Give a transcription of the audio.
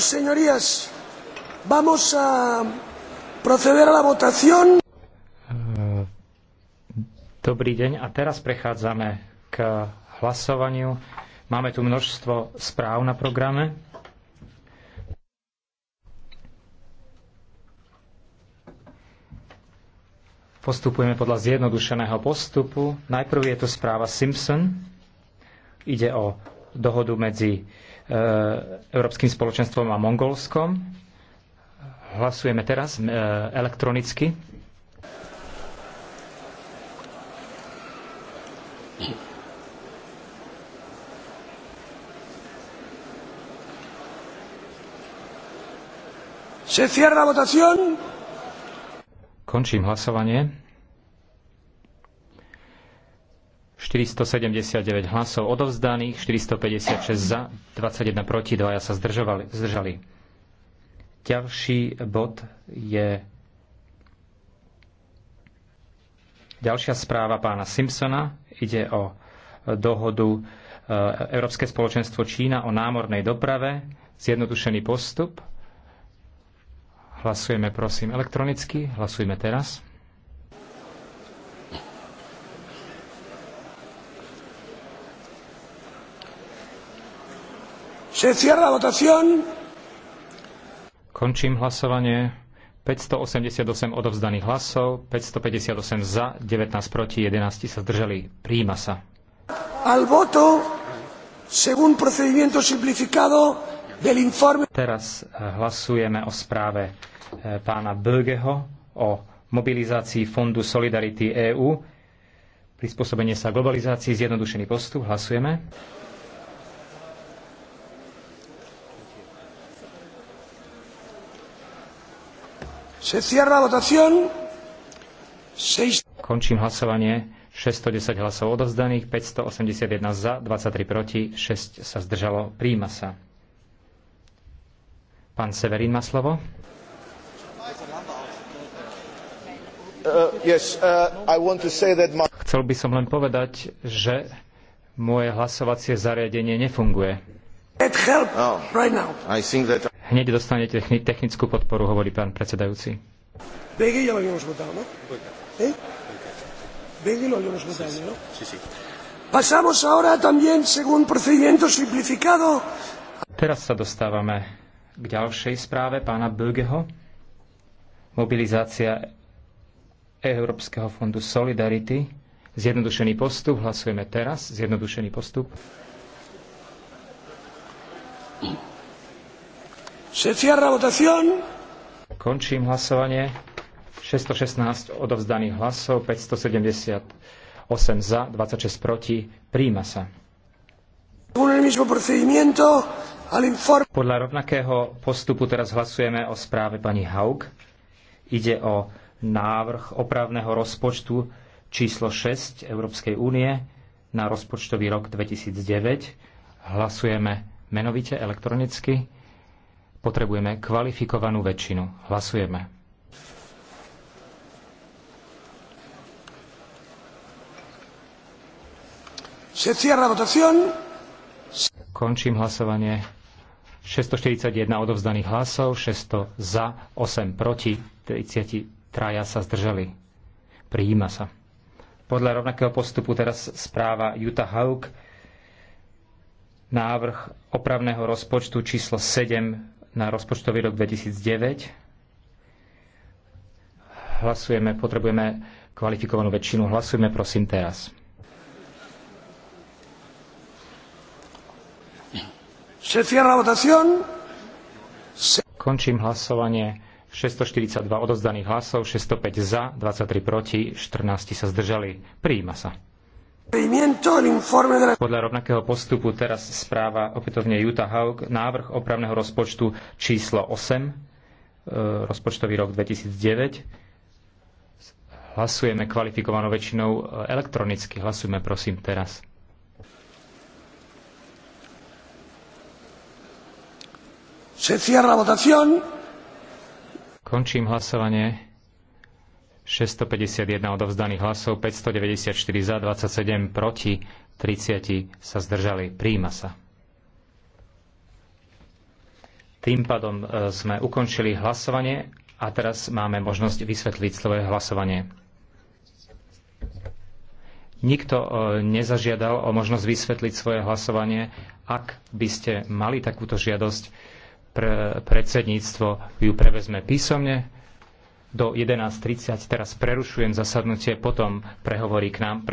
Bueno, señorías, vamos a proceder a la votación. Eh, dobrý deň a teraz prechádzame k hlasovaniu. Máme tu množstvo správ na programe. Postupujeme podľa zjednodušeného postupu. Najprv je to správa Simpson. Ide o dohodu medzi E, Európskym spoločenstvom a Mongolskom. Hlasujeme teraz e, elektronicky. Se cierra votación. Končím hlasovanie. 479 hlasov odovzdaných, 456 za, 21 proti, dvaja sa zdržovali, zdržali. Ďalší bod je ďalšia správa pána Simpsona. Ide o dohodu e, Európske spoločenstvo Čína o námornej doprave, zjednodušený postup. Hlasujeme prosím elektronicky, hlasujme teraz. Se cierra votación. Končím hlasovanie. 588 odovzdaných hlasov, 558 za, 19 proti, 11 sa zdržali. Príjima sa. Al voto, según procedimiento simplificado del informe... Teraz eh, hlasujeme o správe eh, pána Bögeho o mobilizácii Fondu Solidarity EÚ, prispôsobenie sa globalizácii, zjednodušený postup. Hlasujeme. Končím hlasovanie. 610 hlasov odovzdaných, 581 za, 23 proti, 6 sa zdržalo. Príjma sa. Pán Severín má slovo. Uh, uh, Chcel by som len povedať, že moje hlasovacie zariadenie nefunguje. Oh. Right that... Hneď dostanete technickú podporu, hovorí pán predsedajúci. No? No? Teraz sa dostávame k ďalšej správe pána Bögeho. Mobilizácia Európskeho fondu Solidarity. Zjednodušený postup. Hlasujeme teraz. Zjednodušený postup. Končím hlasovanie. 616 odovzdaných hlasov, 578 za, 26 proti. Príjma sa. Podľa rovnakého postupu teraz hlasujeme o správe pani Haug. Ide o návrh opravného rozpočtu číslo 6 Európskej únie na rozpočtový rok 2009. Hlasujeme menovite elektronicky. Potrebujeme kvalifikovanú väčšinu. Hlasujeme. Končím hlasovanie. 641 odovzdaných hlasov, 600 za, 8 proti, 33 traja sa zdržali. Prijíma sa. Podľa rovnakého postupu teraz správa Juta Hauk. návrh opravného rozpočtu číslo 7 na rozpočtový rok 2009. Hlasujeme, potrebujeme kvalifikovanú väčšinu. Hlasujeme, prosím teraz. Se cierra votación. Se... Končím hlasovanie. 642 odozdaných hlasov, 605 za, 23 proti, 14 sa zdržali. Prijíma sa. Podľa rovnakého postupu teraz správa opätovne Juta Haug, návrh opravného rozpočtu číslo 8, e, rozpočtový rok 2009. Hlasujeme kvalifikovanou väčšinou e, elektronicky. Hlasujme prosím teraz. Končím hlasovanie. 651 odovzdaných hlasov, 594 za, 27 proti, 30 sa zdržali. Príjima sa. Tým pádom e, sme ukončili hlasovanie a teraz máme možnosť vysvetliť svoje hlasovanie. Nikto e, nezažiadal o možnosť vysvetliť svoje hlasovanie. Ak by ste mali takúto žiadosť, pre predsedníctvo ju prevezme písomne do 11.30. Teraz prerušujem zasadnutie, potom prehovorí k nám